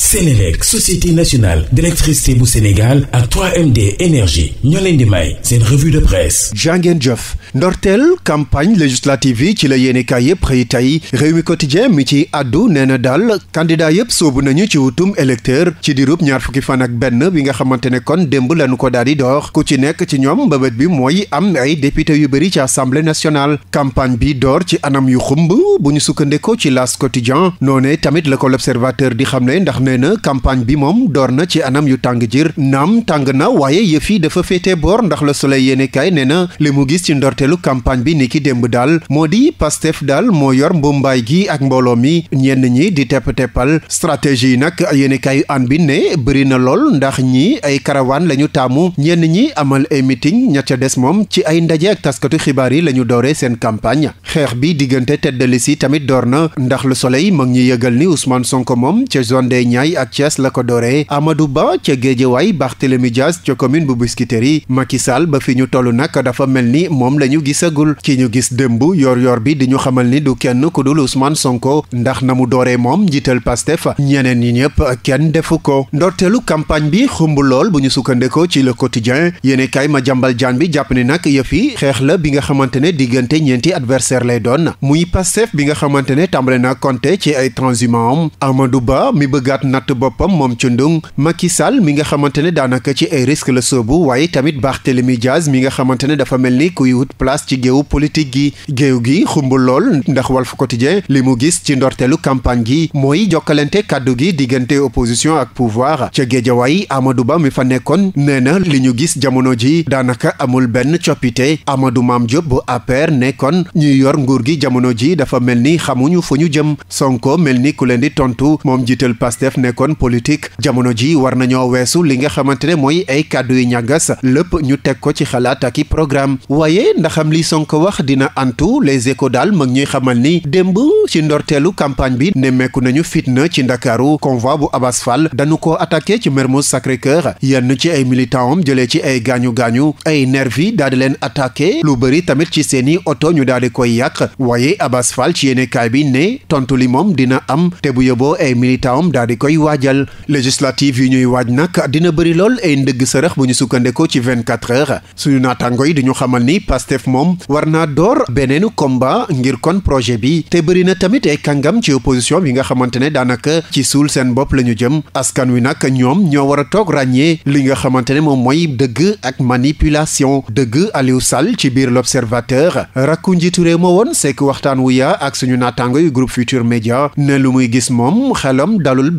Sénélec société nationale d'électricité bu Sénégal ak 3MD énergie ñoo leen di may seen de presse jàngeen jëf ndorteel campagne législative yi ci la yéenekaay yëpp xëy tey réew mi quotidien mi ci àddu nee na daal candidat yëpp soobu nañu ci wutum électeur ci dirub ñaar fukki fan ak benn bi nga xamante ne kon démb lañu ko daal di door ku ci nekk ci ñoom mbëbët bi mooy am ay député yu bëri ca assemblée nationale campagne bi door ci anam yu xumb bu ñu sukkandekoo ci las quotidien noonee tamit la ko l'observateur di xam ne ndax nee na campagne bi moom door na ci anam yu tàng jër naam tàng na waaye yëf yi dafa féete boor ndax la Soleil yéenekaay nee na li mu gis ci ndorteelu campagne bi ni ki démb daal moo di Pastef daal moo yor mbumbaay gi ak mbooloo mi ñenn ñi di tepp-teppal stratégie yi nag yéenekaayu an bi ne bëri na lool ndax ñi ay karawaan la ñu taamu ñenn ñi amal ay meeting ña ca des moom ci ay ndaje ak taskatu xibaar yi la ñu dooree seen campagne xeex bi diggante tête de liste tamit door na ndax Le Niayes ak Thiès la ko dooree Amadou Ba ca Guédiawaye Barthélémy Dias ca commune bu Biscuiterie Macky ba fi ñu toll nag dafa mel ni moom la ñu gisagul ki ñu gis démb yor-yor bi di ñu xamal ni du kenn ku dul Ousmane Sonko ndax na mu dooree moom njiital Pastef ñeneen ñi ñëpp kenn defu ko ndorteelu campagne bi xumb lool bu ñu sukkandekoo ci le quotidien yéene kaay ma jàmbal jaan bi jàpp ne nag yëf yi xeex la bi nga xamante ne diggante ñeenti adversaire lay doon muy Pastef bi nga tegaat natt boppam moom ci ndung Macky Sall mi nga xamante ne daanaka ci ay risque la soobu waaye tamit Barthélemy Diaz mi nga xamante ne dafa mel ni kuy wut place ci géew politique gi géew gi xumb lool ndax Walf Quotidien li mu gis ci ndorteelu campagne gi mooy jokkalante kàddu gi diggante opposition ak pouvoir ca Géejawaay amadu Ba mi fa nekkoon nee na li ñu gis jamono ji daanaka amul benn coppite amadu maam Diop bu APR nekkoon ñuy yor nguur gi jamono ji dafa mel ni xamuñu fu ñu jëm Sonko mel ni ku leen Pastef nekkoon politique jamono ji war nañoo weesu li nga xamante ne mooy ay kàddu yu ñàggas lépp ñu teg ko ci xalaat ak i programme waaye ndaxam li sonk wax dina antu les échos daal mag ñuy xamal ni démb ci ndorteelu campagne bi nemmeeku nañu fitna ci ndakaaru convoi bu Abass Fall dañu ko attaqué ci Mermoz Sacré-Cœur yenn ci ay militant am jëlee ci ay gaañu-gaañu ay nervi daal di leen attaqué lu bëri tamit ci seeni oto ñu daal di koy yàq waaye Abass Fall ci yéene bi tontu li moom koy waajal législative yi ñuy waaj nag dina bëri lool ay ndëgg sërëx bu ñu sukkandekoo ci 24 heures suñu naataango yi di ñu xamal ni Pastef moom war naa door beneenu komba ngir kon projet bi te bëri na tamit ay kàngam ci opposition yi nga xamante ne daanaka ci suul seen bopp la ñu jëm askan wi nag ñoom ñoo war a toog ràññee li nga xamante ne moom mooy dëgg ak manipulation dëgg Aliou Sall ci biir l'Observateur rakku njiitu réew ma woon sekk waxtaan wu yaa ak suñu naataango yu Média lu muy gis moom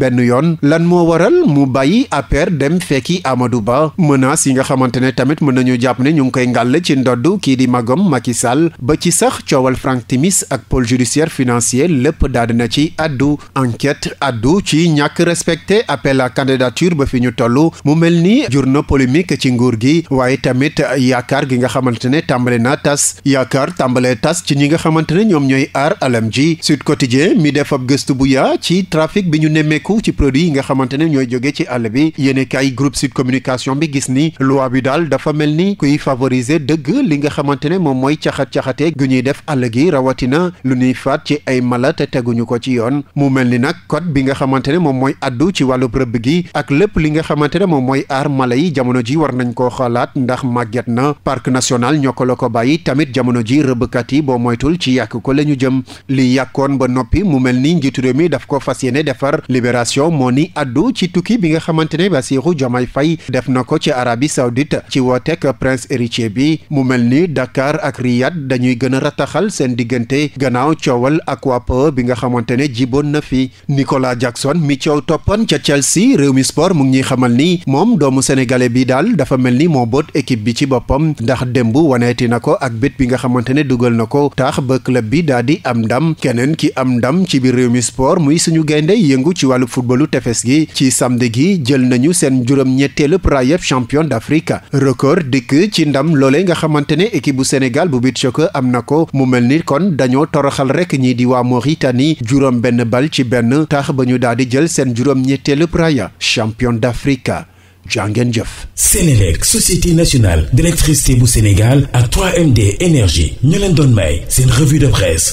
benn yoon lan moo waral mu bàyyi APR dem fekki amadu Ba menace yi nga xamante ne tamit mën nañu jàpp ne ñu ngi koy ngàll ci ndodd kii di magom Macky Sall ba ci sax coowal Franck Timis ak pôle judiciaire financier lépp daal na ci addu enquête addu ci ñàkk respecté appel à candidature ba fi ñu tollu mu mel ni jur na ci nguur gi waaye tamit yaakaar gi nga xamante ne tàmbale na tas yaakaar tàmbalee tas ci ñi nga xamante ne ñoom ñooy aar alam ji Sud Quotidien mi def ab gëstu bu yaa ci trafic bi ñu nemmeeku bokk ci produit yi nga xamante ne ñooy jóge ci àll bi yéene kaay groupe sud communication bi gis ni loi bi daal dafa mel ni kuy favoriser dëgg li nga xamante ne moom mooy caxat-caxate gu ñuy def àll gi rawatina lu ñuy faat ci ay mala te teguñu ko ci yoon mu mel ni nag code bi nga xamante ne moom mooy addu ci wàllu rëbb gi ak lépp li nga xamante ne moom mooy aar mala yi jamono ji war nañ ko xalaat ndax màgget na parc national ñoo la ko bàyyi tamit jamono ji rëbbkat yi boo moytul ci yàq ko la ñu jëm li libération moo ni addu ci tukki bi nga xamante ne Bassirou Diomaye Faye def na ko ci Arabie Saoudite ci wooteek prince héritier bi mu mel ni Dakar ak Riyad dañuy gën a rataxal seen diggante gannaaw coowal Aquapower bi nga xamante ne jiboon na fi Nicolas Jackson mi coow toppan ca Chelsea réew mi sport mu ngi ñuy xamal ni moom doomu sénégalais bi daal dafa mel ni moo boot équipe bi ci boppam ndax démb waneeti na ko ak bit bi nga xamante ne dugal na ko tax ba club bi daal di am ndam keneen ki am ndam ci biir réew mi sport muy suñu gaynde yëngu footballu tefes gi ci samedi gi jël nañu seen juróom-ñetteelu raayeb champion d'Afrique record dikk ci ndam loolee nga xamante ne équipe bu Sénégal bu beach soccer am na ko mu mel ni kon dañoo toroxal rek ñii di waa Mauritanie juróom benn bal ci benn tax ba ñu daal di jël seen juróom-ñetteelu raaya champion d'Afrique jàngeen jëf. Sénélec société nationale d'électricité bu Sénégal ak 3MD énergie ñu leen